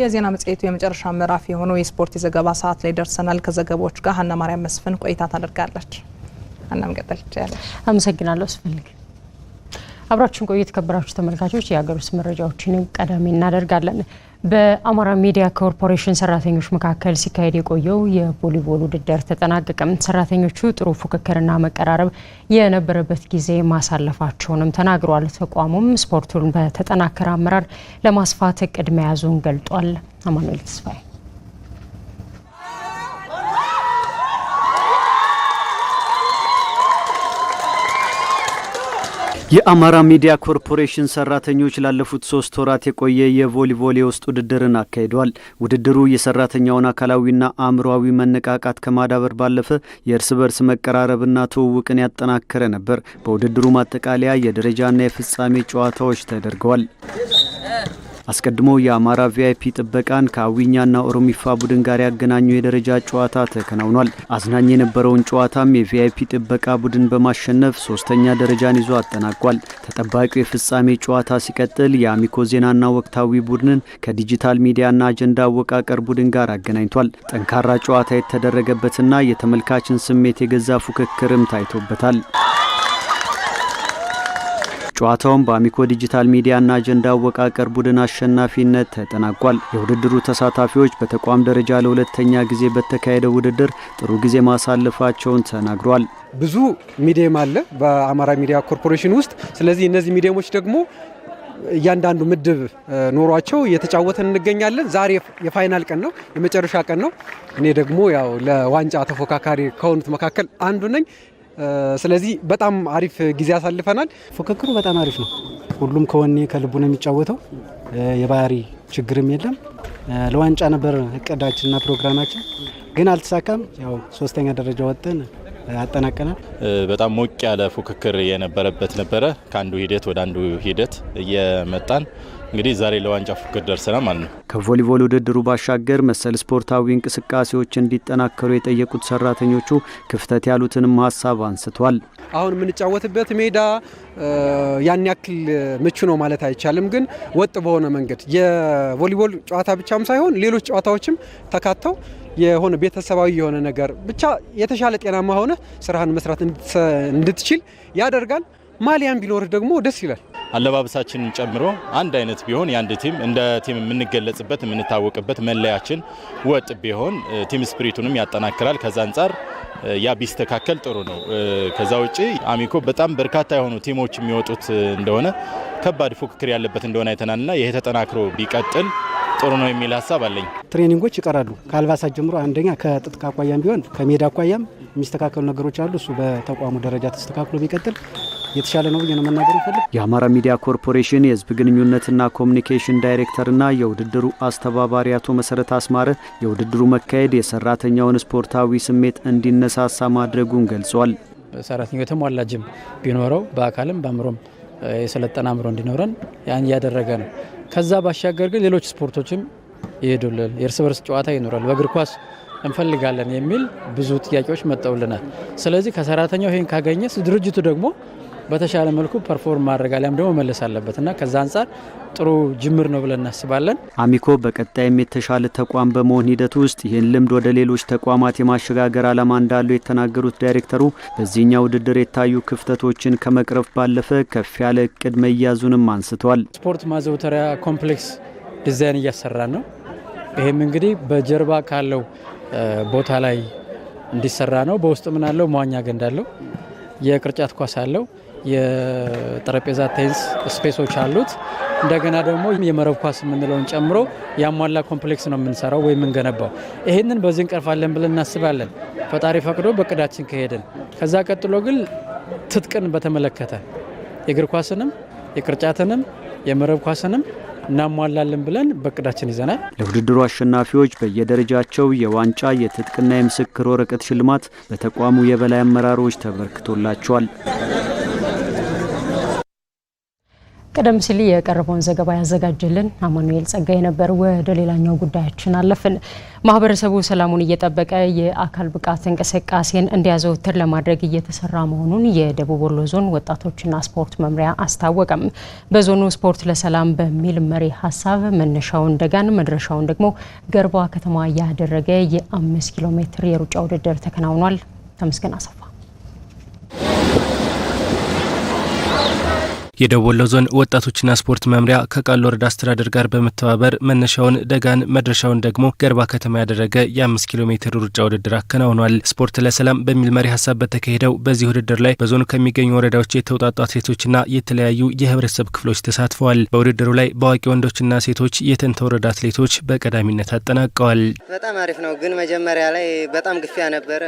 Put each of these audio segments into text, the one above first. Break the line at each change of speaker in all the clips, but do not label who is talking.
የዜና መጽሔቱ የመጨረሻ ምዕራፍ የሆነው የስፖርት የዘገባ ሰዓት ላይ ደርሰናል። ከዘገባዎች ጋር ሀና ማርያም መስፍን ቆይታ ታደርጋለች። ሀናም ቀጠል ትችላለች።
አመሰግናለሁ ስፈልግ አብራችን ቆዩ። የተከበራችሁ ተመልካቾች የሀገር ውስጥ መረጃዎችን ቀዳሚ እናደርጋለን። በአማራ ሚዲያ ኮርፖሬሽን ሰራተኞች መካከል ሲካሄድ የቆየው የቮሊቦል ውድድር ተጠናቀቀም። ሰራተኞቹ ጥሩ ፉክክርና መቀራረብ የነበረበት ጊዜ ማሳለፋቸውንም ተናግረዋል። ተቋሙም ስፖርቱን በተጠናከረ አመራር ለማስፋት እቅድ መያዙን ገልጧል። አማኑኤል ተስፋዬ
የአማራ ሚዲያ ኮርፖሬሽን ሰራተኞች ላለፉት ሶስት ወራት የቆየ የቮሊቮል ውስጥ ውድድርን አካሂደዋል። ውድድሩ የሰራተኛውን አካላዊና አእምሯዊ መነቃቃት ከማዳበር ባለፈ የእርስ በርስ መቀራረብና ትውውቅን ያጠናከረ ነበር። በውድድሩ ማጠቃለያ የደረጃና የፍጻሜ ጨዋታዎች ተደርገዋል። አስቀድሞ የአማራ ቪአይፒ ጥበቃን ከአዊኛና ኦሮሚፋ ቡድን ጋር ያገናኙ የደረጃ ጨዋታ ተከናውኗል። አዝናኝ የነበረውን ጨዋታም የቪአይፒ ጥበቃ ቡድን በማሸነፍ ሶስተኛ ደረጃን ይዞ አጠናቋል። ተጠባቂው የፍጻሜ ጨዋታ ሲቀጥል የአሚኮ ዜናና ወቅታዊ ቡድንን ከዲጂታል ሚዲያና አጀንዳ አወቃቀር ቡድን ጋር አገናኝቷል። ጠንካራ ጨዋታ የተደረገበትና የተመልካችን ስሜት የገዛ ፉክክርም ታይቶበታል። ጨዋታውም በአሚኮ ዲጂታል ሚዲያና አጀንዳ አወቃቀር ቡድን አሸናፊነት ተጠናቋል። የውድድሩ ተሳታፊዎች በተቋም ደረጃ ለሁለተኛ ጊዜ በተካሄደው ውድድር ጥሩ ጊዜ ማሳለፋቸውን ተናግሯል።
ብዙ ሚዲየም አለ በአማራ ሚዲያ ኮርፖሬሽን ውስጥ። ስለዚህ እነዚህ ሚዲየሞች ደግሞ እያንዳንዱ ምድብ ኖሯቸው እየተጫወተን እንገኛለን። ዛሬ የፋይናል ቀን ነው፣ የመጨረሻ ቀን ነው። እኔ ደግሞ ያው ለዋንጫ ተፎካካሪ ከሆኑት መካከል አንዱ ነኝ። ስለዚህ በጣም አሪፍ ጊዜ አሳልፈናል።
ፉክክሩ በጣም አሪፍ ነው። ሁሉም ከወኔ ከልቡ ነው የሚጫወተው። የባህሪ ችግርም የለም። ለዋንጫ ነበር እቅዳችንና ፕሮግራማችን ግን አልተሳካም። ያው ሶስተኛ ደረጃ ወጥተን አጠናቀናል።
በጣም ሞቅ ያለ ፉክክር የነበረበት ነበረ። ከአንዱ ሂደት ወደ አንዱ ሂደት እየመጣን እንግዲህ ዛሬ ለዋንጫ ፉክክር ደርሰናል ማለት ነው።
ከቮሊቦል ውድድሩ ባሻገር መሰል ስፖርታዊ እንቅስቃሴዎች እንዲጠናከሩ የጠየቁት ሰራተኞቹ ክፍተት ያሉትንም ሀሳብ አንስቷል።
አሁን የምንጫወትበት ሜዳ ያን ያክል ምቹ ነው ማለት አይቻልም፣ ግን ወጥ በሆነ መንገድ የቮሊቦል ጨዋታ ብቻም ሳይሆን ሌሎች ጨዋታዎችም ተካተው የሆነ ቤተሰባዊ የሆነ ነገር ብቻ የተሻለ ጤናማ ሆነ ስራህን መስራት እንድትችል ያደርጋል። ማሊያም ቢኖርህ ደግሞ ደስ ይላል።
አለባበሳችንን ጨምሮ አንድ አይነት ቢሆን የአንድ ቲም እንደ ቲም የምንገለጽበት የምንታወቅበት መለያችን ወጥ ቢሆን ቲም ስፕሪቱንም ያጠናክራል። ከዛ አንጻር ያ ቢስተካከል ጥሩ ነው። ከዛ ውጪ አሚኮ በጣም በርካታ የሆኑ ቲሞች የሚወጡት እንደሆነ ከባድ ፉክክር ያለበት እንደሆነ አይተናልና ይሄ ተጠናክሮ ቢቀጥል ጥሩ ነው የሚል ሀሳብ አለኝ።
ትሬኒንጎች ይቀራሉ ከአልባሳት ጀምሮ አንደኛ ከጥጥቅ አኳያም ቢሆን ከሜዳ አኳያም የሚስተካከሉ ነገሮች አሉ። እሱ በተቋሙ ደረጃ ተስተካክሎ ቢቀጥል የተሻለ ነው ብዬ ነው መናገር ይፈልግ።
የአማራ ሚዲያ ኮርፖሬሽን የህዝብ ግንኙነትና ኮሚኒኬሽን ዳይሬክተርና የውድድሩ አስተባባሪ አቶ መሰረት አስማረ የውድድሩ መካሄድ የሰራተኛውን ስፖርታዊ ስሜት እንዲነሳሳ ማድረጉን ገልጿል።
ሰራተኛው የተሟላ ጅም ቢኖረው በአካልም በአእምሮም የሰለጠነ አእምሮ እንዲኖረን ያን እያደረገ ነው። ከዛ ባሻገር ግን ሌሎች ስፖርቶችም ይሄዱልን፣ የእርስ በርስ ጨዋታ ይኖራል። በእግር ኳስ እንፈልጋለን የሚል ብዙ ጥያቄዎች መጠውልናል። ስለዚህ ከሰራተኛው ይህን ካገኘ ድርጅቱ ደግሞ በተሻለ መልኩ ፐርፎርም ማድረግ አሊያም ደግሞ መለስ አለበት እና ከዛ አንጻር ጥሩ ጅምር ነው ብለን እናስባለን።
አሚኮ በቀጣይም የተሻለ ተቋም በመሆን ሂደት ውስጥ ይህን ልምድ ወደ ሌሎች ተቋማት የማሸጋገር ዓላማ እንዳለው የተናገሩት ዳይሬክተሩ በዚህኛ ውድድር የታዩ ክፍተቶችን ከመቅረፍ ባለፈ ከፍ ያለ እቅድ መያዙንም አንስተዋል።
ስፖርት ማዘውተሪያ ኮምፕሌክስ ዲዛይን እያሰራ ነው። ይህም እንግዲህ በጀርባ ካለው ቦታ ላይ እንዲሰራ ነው። በውስጥ ምን አለው? መዋኛ ገንዳ አለው። የቅርጫት ኳስ አለው። የጠረጴዛ ቴኒስ ስፔሶች አሉት። እንደገና ደግሞ የመረብ ኳስ የምንለውን ጨምሮ ያሟላ ኮምፕሌክስ ነው የምንሰራው ወይም የምንገነባው። ይህንን በዚህ እንቀርፋለን ብለን እናስባለን፣ ፈጣሪ ፈቅዶ በቅዳችን ከሄድን። ከዛ ቀጥሎ ግን ትጥቅን በተመለከተ የእግር ኳስንም የቅርጫትንም የመረብ ኳስንም እናሟላለን ብለን በቅዳችን ይዘናል።
ለውድድሩ አሸናፊዎች በየደረጃቸው የዋንጫ የትጥቅና የምስክር ወረቀት ሽልማት በተቋሙ የበላይ አመራሮች ተበርክቶላቸዋል።
ቀደም ሲል የቀረበውን ዘገባ ያዘጋጀልን አማኑኤል ጸጋይ ነበር። ወደ ሌላኛው ጉዳያችን አለፍን። ማህበረሰቡ ሰላሙን እየጠበቀ የአካል ብቃት እንቅስቃሴን እንዲያዘወትር ለማድረግ እየተሰራ መሆኑን የደቡብ ወሎ ዞን ወጣቶችና ስፖርት መምሪያ አስታወቀም። በዞኑ ስፖርት ለሰላም በሚል መሪ ሀሳብ መነሻውን ደጋን መድረሻውን ደግሞ ገርባ ከተማ ያደረገ የአምስት ኪሎ ሜትር የሩጫ ውድድር ተከናውኗል። ተመስገን አሰፋ
የደቡብ ወሎ ዞን ወጣቶችና ስፖርት መምሪያ ከቃሉ ወረዳ አስተዳደር ጋር በመተባበር መነሻውን ደጋን መድረሻውን ደግሞ ገርባ ከተማ ያደረገ የአምስት ኪሎ ሜትር ሩጫ ውድድር አከናውኗል። ስፖርት ለሰላም በሚል መሪ ሀሳብ በተካሄደው በዚህ ውድድር ላይ በዞኑ ከሚገኙ ወረዳዎች የተውጣጡ አትሌቶችና የተለያዩ የህብረተሰብ ክፍሎች ተሳትፈዋል። በውድድሩ ላይ በአዋቂ ወንዶችና ሴቶች የተንተ ወረዳ አትሌቶች በቀዳሚነት አጠናቀዋል።
በጣም አሪፍ ነው፣ ግን መጀመሪያ ላይ በጣም ግፊያ ነበር።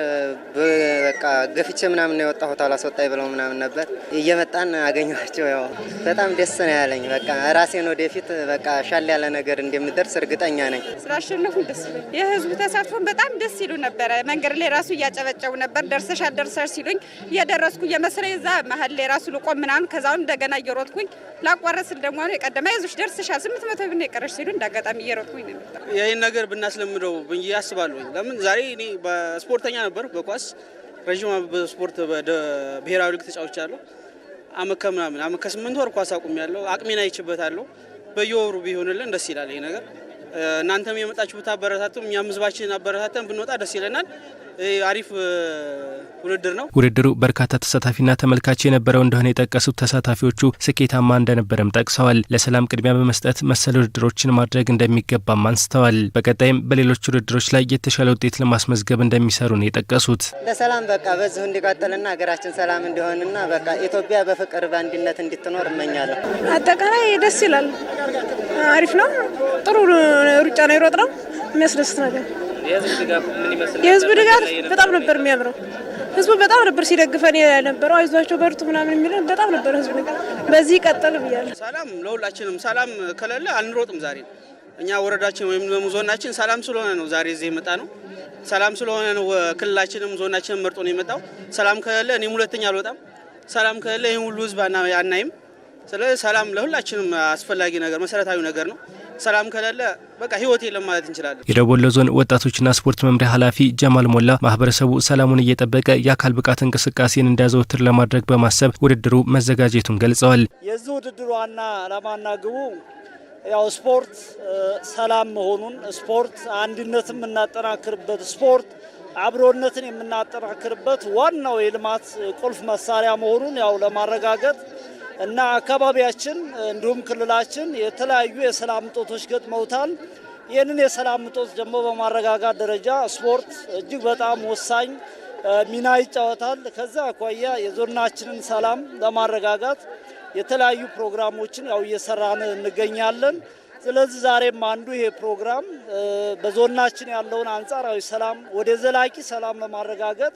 በቃ ገፍቼ ምናምን ነው የወጣሁት አላስወጣኝ ብለው ምናምን ነበር። እየመጣን አገኘኋቸው ያው በጣም ደስ ነው ያለኝ። በቃ ራሴን ወደፊት በቃ ሻል ያለ ነገር እንደምደርስ እርግጠኛ ነኝ።
ስላሸነፉ ደስ የህዝቡ ተሳትፎን በጣም ደስ ይሉ ነበረ። መንገድ ላይ ራሱ እያጨበጨቡ ነበር። ደርሰሻል ደርሰሽ ሲሉኝ እየደረስኩ የመስሪያ እዛ መሀል ላይ ራሱ ልቆም ምናምን ከዛውን እንደገና እየሮጥኩኝ ላቋረስል ደግሞ ነው የቀደመ ይዞች ደርሰሻል ስምንት መቶ ብር የቀረሽ ሲሉ እንዳጋጣሚ እየሮጥኩኝ ነው።
ይህን ነገር ብናስለምደው ብዬ አስባለሁ። ለምን ዛሬ እኔ በስፖርተኛ ነበር በኳስ ረዥም ስፖርት ብሔራዊ ሊግ ተጫውቻለሁ። አመከ ምናምን አመከ ስምንት ወር ኳስ አቁም ያለው አቅሜን አይችበታለሁ። በየወሩ ቢሆንልን ደስ ይላል ይሄ ነገር። እናንተም የመጣችሁት አበረታቱ፣ እኛም ህዝባችንን አበረታተን ብንወጣ ደስ ይለናል። አሪፍ ውድድር ነው።
ውድድሩ በርካታ ተሳታፊና ተመልካች የነበረው እንደሆነ የጠቀሱት ተሳታፊዎቹ ስኬታማ እንደነበረም ጠቅሰዋል። ለሰላም ቅድሚያ በመስጠት መሰል ውድድሮችን ማድረግ እንደሚገባም አንስተዋል። በቀጣይም በሌሎች ውድድሮች ላይ የተሻለ ውጤት ለማስመዝገብ እንደሚሰሩ ነው የጠቀሱት።
ለሰላም በቃ በዚሁ እንዲቀጥልና ሀገራችን ሰላም እንዲሆንና በቃ ኢትዮጵያ በፍቅር በአንድነት እንድትኖር እመኛለሁ።
አጠቃላይ ደስ ይላል። አሪፍ ነው። ጥሩ ሩጫ ነው። ይሮጥ ነው የሚያስደስት ነገር የህዝቡ ድጋፍ በጣም ነበር የሚያምረው። ህዝቡ በጣም ነበር ሲደግፈን የነበረው። አይዟቸው በርቱ ምናምን የሚለን በጣም ነበር ህዝቡ። በዚህ ቀጥል ብያለሁ።
ሰላም ለሁላችንም። ሰላም ከሌለ አንሮጥም። ዛሬ እኛ ወረዳችን ወይም ደግሞ ዞናችን ሰላም ስለሆነ ነው ዛሬ እዚህ የመጣ ነው። ሰላም ስለሆነ ነው ክልላችንም ዞናችንም መርጦ ነው የመጣው። ሰላም ከሌለ እኔም ሁለተኛ አልወጣም። ሰላም ከሌለ ይህን ሁሉ ህዝብ አናይም። ስለዚህ ሰላም ለሁላችንም አስፈላጊ ነገር መሰረታዊ ነገር ነው። ሰላም ከሌለ በቃ ህይወት የለም ማለት እንችላለን።
የደቡብ ወሎ ዞን ወጣቶችና ስፖርት መምሪያ ኃላፊ ጀማል ሞላ ማህበረሰቡ ሰላሙን እየጠበቀ የአካል ብቃት እንቅስቃሴን እንዲያዘወትር ለማድረግ በማሰብ ውድድሩ መዘጋጀቱን ገልጸዋል።
የዚህ ውድድር ዋና ዓላማና ግቡ ያው ስፖርት ሰላም መሆኑን፣ ስፖርት አንድነትን የምናጠናክርበት፣ ስፖርት አብሮነትን የምናጠናክርበት ዋናው የልማት ቁልፍ መሳሪያ መሆኑን ያው ለማረጋገጥ እና አካባቢያችን እንዲሁም ክልላችን የተለያዩ የሰላም እጦቶች ገጥመውታል። ይህንን የሰላም እጦት ደግሞ በማረጋጋት ደረጃ ስፖርት እጅግ በጣም ወሳኝ ሚና ይጫወታል። ከዛ አኳያ የዞናችንን ሰላም ለማረጋጋት የተለያዩ ፕሮግራሞችን ያው እየሰራን እንገኛለን። ስለዚህ ዛሬም አንዱ ይሄ ፕሮግራም በዞናችን ያለውን አንጻራዊ ሰላም ወደ ዘላቂ ሰላም ለማረጋገጥ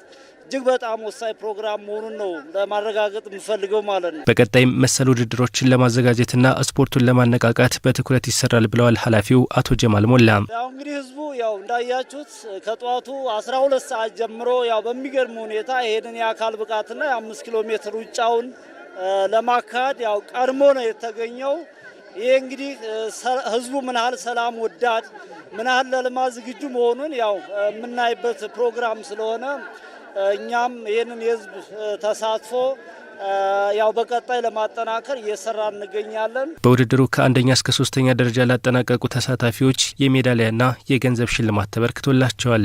እጅግ በጣም ወሳኝ ፕሮግራም መሆኑን ነው ለማረጋገጥ የምፈልገው ማለት ነው።
በቀጣይም መሰል ውድድሮችን ለማዘጋጀትና ስፖርቱን ለማነቃቃት በትኩረት ይሰራል ብለዋል ኃላፊው አቶ ጀማል ሞላ።
ያው እንግዲህ ህዝቡ ያው እንዳያችሁት ከጠዋቱ 12 ሰዓት ጀምሮ ያው በሚገርም ሁኔታ ይሄንን የአካል ብቃትና የአምስት ኪሎ ሜትር ውጫውን ለማካሄድ ያው ቀድሞ ነው የተገኘው። ይሄ እንግዲህ ህዝቡ ምን ያህል ሰላም ወዳድ ምን ያህል ለልማት ዝግጁ መሆኑን ያው የምናይበት ፕሮግራም ስለሆነ እኛም ይህንን የህዝብ ተሳትፎ ያው በቀጣይ ለማጠናከር እየሰራ እንገኛለን።
በውድድሩ ከአንደኛ እስከ ሶስተኛ ደረጃ ላጠናቀቁ ተሳታፊዎች የሜዳሊያና የገንዘብ ሽልማት ተበርክቶላቸዋል።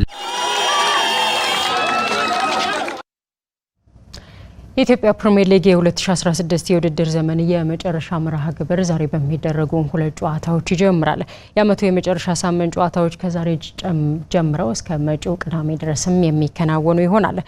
የኢትዮጵያ ፕሪምየር ሊግ የ2016 የውድድር ዘመን የመጨረሻ መርሃ ግብር ዛሬ በሚደረጉ ሁለት ጨዋታዎች ይጀምራል። የአመቱ የመጨረሻ ሳምንት ጨዋታዎች ከዛሬ ጀምረው እስከ መጪው ቅዳሜ ድረስም የሚከናወኑ ይሆናል።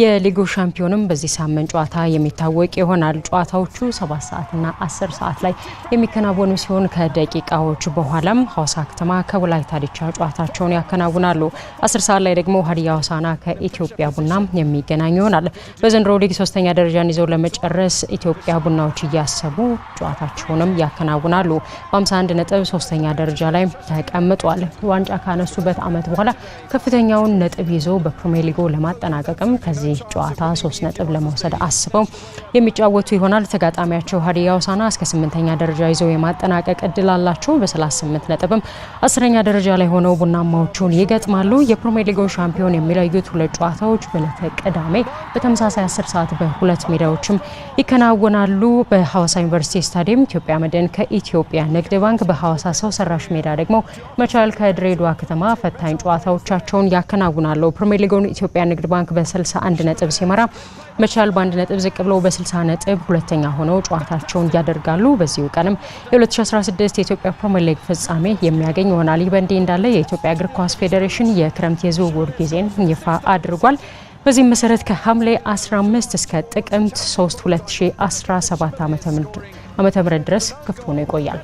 የሊጉ ሻምፒዮንም በዚህ ሳምንት ጨዋታ የሚታወቅ ይሆናል። ጨዋታዎቹ 7 ሰዓትና 10 ሰዓት ላይ የሚከናወኑ ሲሆን ከደቂቃዎች በኋላም ሀዋሳ ከተማ ከወላይታ ዲቻ ጨዋታቸውን ያከናውናሉ። 10 ሰዓት ላይ ደግሞ ሀዲያ ሆሳዕና ከኢትዮጵያ ቡና የሚገናኙ ይሆናል። በዘንድሮ ሊግ ሶስተኛ ደረጃን ይዘው ለመጨረስ ኢትዮጵያ ቡናዎች እያሰቡ ጨዋታቸውንም ያከናውናሉ። በ51 ነጥብ ሶስተኛ ደረጃ ላይ ተቀምጧል። ዋንጫ ካነሱበት ዓመት በኋላ ከፍተኛውን ነጥብ ይዞ በፕሪሚየር ሊጉ ለማጠናቀቅም ከዚህ ጨዋታ ሶስት ነጥብ ለመውሰድ አስበው የሚጫወቱ ይሆናል። ተጋጣሚያቸው ሀዲያ ሆሳዕና እስከ ስምንተኛ ደረጃ ይዘው የማጠናቀቅ እድል አላቸው። በ38 ነጥብም አስረኛ ደረጃ ላይ ሆነው ቡናማዎቹን ይገጥማሉ። የፕሪሚየር ሊጉ ሻምፒዮን የሚለዩት ሁለት ጨዋታዎች በዕለተ ቅዳሜ በተመሳሳይ 10 ሰዓት በ ሁለት ሜዳዎችም ይከናወናሉ። በሐዋሳ ዩኒቨርሲቲ ስታዲየም ኢትዮጵያ መድን ከኢትዮጵያ ንግድ ባንክ፣ በሐዋሳ ሰው ሰራሽ ሜዳ ደግሞ መቻል ከድሬዳዋ ከተማ ፈታኝ ጨዋታዎቻቸውን ያከናውናሉ። ፕሪሚየር ሊጉን ኢትዮጵያ ንግድ ባንክ በ61 ነጥብ ሲመራ መቻል በአንድ ነጥብ ዝቅ ብለው በ60 ነጥብ ሁለተኛ ሆነው ጨዋታቸውን ያደርጋሉ። በዚሁ ቀንም የ2016 የኢትዮጵያ ፕሪሚየር ሊግ ፍጻሜ የሚያገኝ ይሆናል። ይህ በእንዲህ እንዳለ የኢትዮጵያ እግር ኳስ ፌዴሬሽን የክረምት የዝውውር ጊዜን ይፋ አድርጓል። በዚህም መሰረት ከሐምሌ 15 እስከ ጥቅምት 3 2017 ዓ ም ድረስ ክፍት ሆኖ ይቆያል።